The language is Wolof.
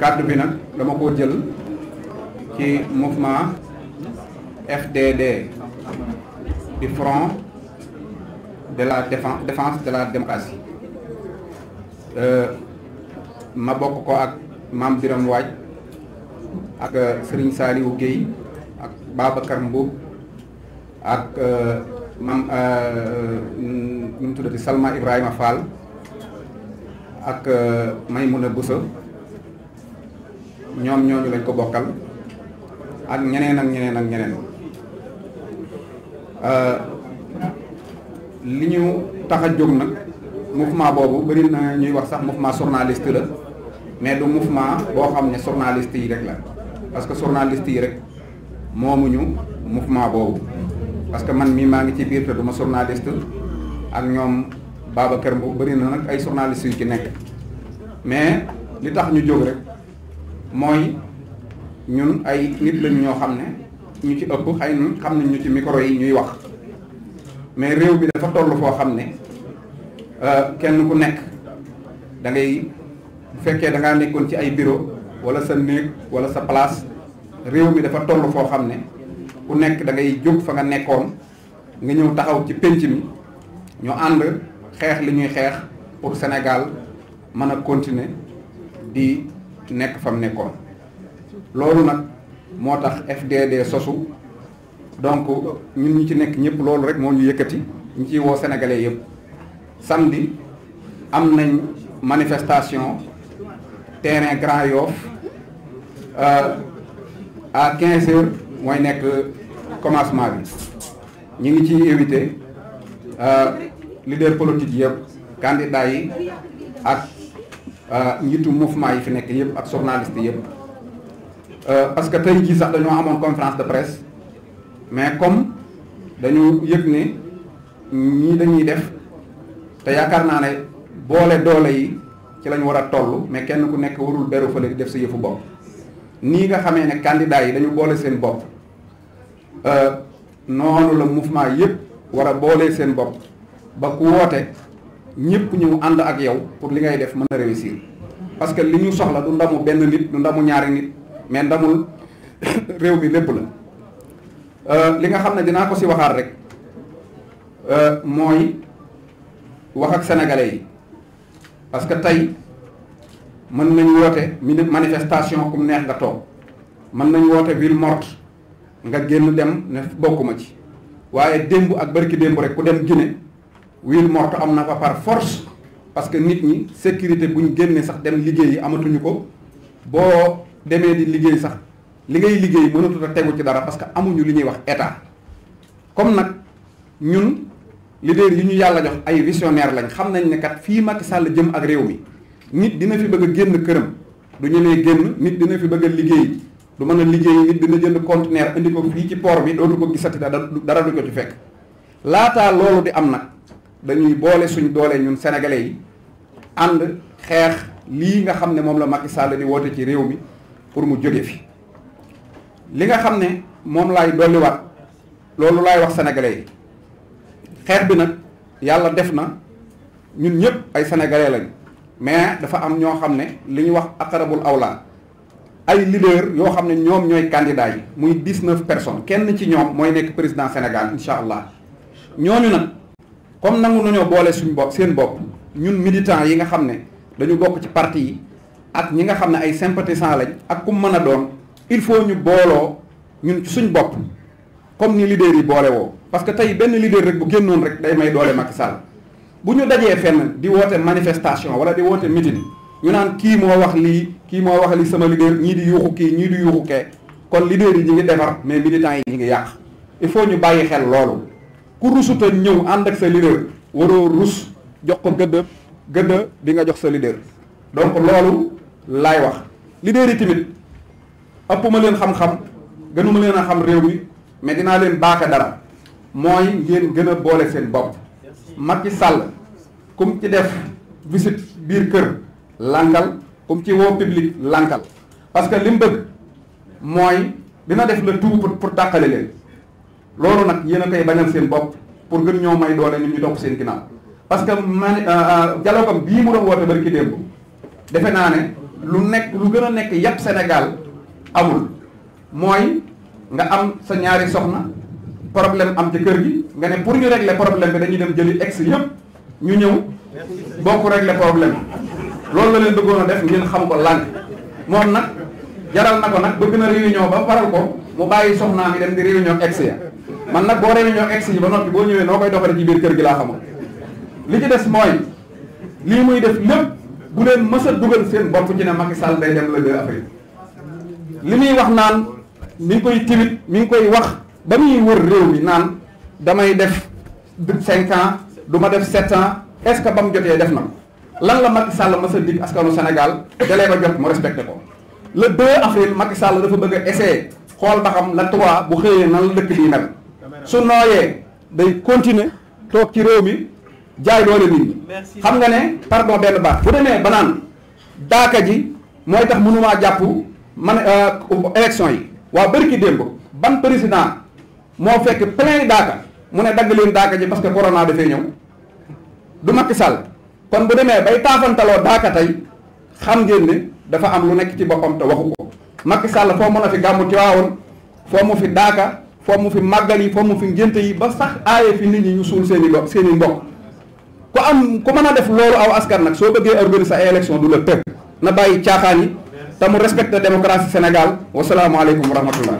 kàddu bi nag dama koo jël ci mouvement FDD di front de la défense défense de la démocratie euh, ma bokk ko ak Mame Birame Waaj ak euh, Serigne Saliou Guèye ak Babacar Mboub ak euh, mam ñu mu tuddati Salma Ibrahima Fall ak Maymouna Bousso ñoom ñooñu lañ ko bokkal ak ñeneen ak ñeneen ak ñeneen euh, li ñu tax a jóg nag mouvement boobu bëri na ñuy wax sax mouvement journaliste la mais du mouvement boo xam ne journaliste yi rek la parce que journaliste yi rek moomuñu mouvement boobu parce que man mii maa ngi ci biir te du ma journaliste ak ñoom Babacar Mbow bëri na nag ay journaliste yu ci nekk mais li tax ñu jóg rek mooy ñun ay nit lañ ñoo xam ne ñu ci ëpp xay na xam nañ ñu ci micro yi ñuy wax mais réew bi dafa toll foo xam ne euh, kenn ku nekk da bu fekkee da nekkoon ci ay bureau wala sa néeg wala sa place réew mi dafa toll foo xam ne ku nekk da ngay jóg fa nga nekkoon nga ñëw taxaw ci pénc mi ñu ànd xeex li ñuy xeex pour Sénégal mën a continuer di. nekk fa mu nekkoon loolu nag moo tax FDD sosu donc ñun ñu ci nekk ñëpp loolu rek moo ñu yëkkati ñu ciy woo sénégalais yëpp samedi am nañ manifestation terrain Grand Yoff euh, à 15 heures mooy nekk commencement bi ñu ngi ciy invité euh, leader politique yëpp candidats yi ak. Euh, njiitu mouvement yi fi nekk yëpp ak journaliste yëpp euh, parce que tey jii sax dañoo amoon conférence de presse mais comme dañu yëg ni ñii dañuy def te yaakaar naa ne boole doole yi ci lañu war a toll mais kenn ku nekk warul beru fële di def sa yëfu bopp nii nga xamee ne candidat yi dañu boole seen bopp euh, noonu la mouvement yëpp war a boole seen bopp ba ku woote ñëpp ñu ànd ak yow pour li ngay def mën a réussir parce que li ñu soxla du ndamu benn nit du ndamu ñaari nit mais ndamul réew mi lépp la euh, li nga xam ne dinaa ko si waxaat rek euh, mooy wax ak sénégalais yi parce que tey mën nañ woote minute manifestation kum neex nga toog mën nañ woote ville morte nga génn dem ne bokkuma ci waaye démb ak bërki démb rek ku dem Guinée wil morto am na ko par force parce que nit ñi sécurité bu ñu génnee sax dem liggéey yi amatuñu ko boo demee di liggéey sax li ngay liggéey mënatut a tegu ci dara parce que amuñu li ñuy wax état comme nag ñun leader yi ñu yàlla jox ay visionnaire lañ xam nañ ne kat fii Macky Sall jëm ak réew mi nit dina fi bëgg a génn këram du ñemee génn nit dina fi bëgg a liggéey du mën a liggéey nit dina jënd conteneur indi ko fii ci port bi dootu ko gisati dara dara du ko ci fekk laataa loolu di am nag. dañuy boole suñ doole ñun senegale yi ànd xeex lii nga xam ne moom la Macky Sall di woote ci réew mi pour mu jóge fi li nga xam ne moom lay laay dolliwaat loolu laay wax sénégalais yi xeex bi nag yàlla def na ñun ñëpp ay sénégalais lañ mais dafa am ñoo xam ne li ñu wax akarabul awla ay leader yoo xam ne ñoom ñooy candidats yi muy dix-neuf personnes kenn ci ñoom mooy nekk président Sénégal incha allah ñooñu nag comme nangu nañoo boole suñ bopp seen bopp ñun militants yi nga xam ne dañu bokk ci parti yi ak ñi nga xam ne ay sympathisants lañ ak ku mën a doon il faut ñu booloo ñun ci suñ bopp comme ni leader yi boole woo parce que tey benn leader rek bu génnoon rek day may doole Macky bu ñu dajee fenn di woote manifestation wala di woote meeting ñu naan kii moo wax lii kii moo wax lii sama leader ñii di yuuxu kii ñii di yuuxu kee kon leader yi ñi ngi defar mais militants yi ñi ngi yàq il faut ñu bàyyi xel loolu ku rusuta ñëw ànd ak sa leader waroo rus jox ko gëdd gëdd bi nga jox sa leader donc loolu laay wax leader yi tamit ëpp ma leen xam-xam gënuma leen a xam réew mi mais dinaa leen baaka dara mooy ngeen gën a boole seen bopp Macky Sall kum ci def visite biir kër lànkal kum ci woo public lànkal parce que li mu bëgg mooy dina def le tout pour pour tàqale leen loolu nag yéen a koy bañal seen bopp pour gën ñoo may doole ñun ñu topp seen ginnaaw parce que man euh, euh, dialogue bii mu doon woote bari ki démb defe naa ne lu nekk lu gën a nekk yàpp Sénégal amul mooy nga am sa ñaari soxna problème am ci kër gi nga ne pour ñu régler problème bi dañuy dem jëli ex yëpp ñu ñëw bokk régler problème loolu la leen dëggoon a def ngeen xam ko lànk moom nag jaral na ko nag bëgg na réunion ba faral ko mu bàyyi bi yi dem di ñoo ex ya man nag boo réunion ex yi ba bi boo ñëwee noo koy doxale ci biir kër gi laa xamul li ci des mooy lii muy def lépp bu leen mës a dugal seen bopp ci ne Macky Sall day dem le 2 avril li muy wax naan mi ngi koy timit mi ngi koy wax ba muy wër réew mi naan damay def cinq ans du ma def sept ans est-ce que ba mu jotee def na ko lan la Macky Sall mës a dig askanu Sénégal dalee ko jot mu respecté ko le 2 avril Macky Sall dafa bëgg xool ba xam la trois bu xëyee nan la dëkk bii mel su nooyee day continuer toog ci réew mi jaay doole nit ñi xam nga ne pardon benn baax bu demee ba naan daaka ji mooy tax mënumaa jàpp man euh, élection yi waaw bërki démb ban naa moo fekk yi daaka mu ne dagg leen daaka ji parce que corona dafay ñëw du Macky Sall kon bu demee bay taafantaloo daaka tey xam ngeen ne dafa am lu nekk ci boppam te waxu ko Macky Sall foo mën a fi gàmmu Tiwaawoon foo mu fi daaka foo mu fi màggal yi foo mu fi ngénte yi ba sax aaye fi nit ñi ñu suul seen i seeni seen i mbokk ku am ku mën a def loolu aw askan nag soo bëggee organiser ay élection du la tëb na bàyyi caaxaan yi te mu respecté démocratie Sénégal wasalaamualeykum wa rahmatullah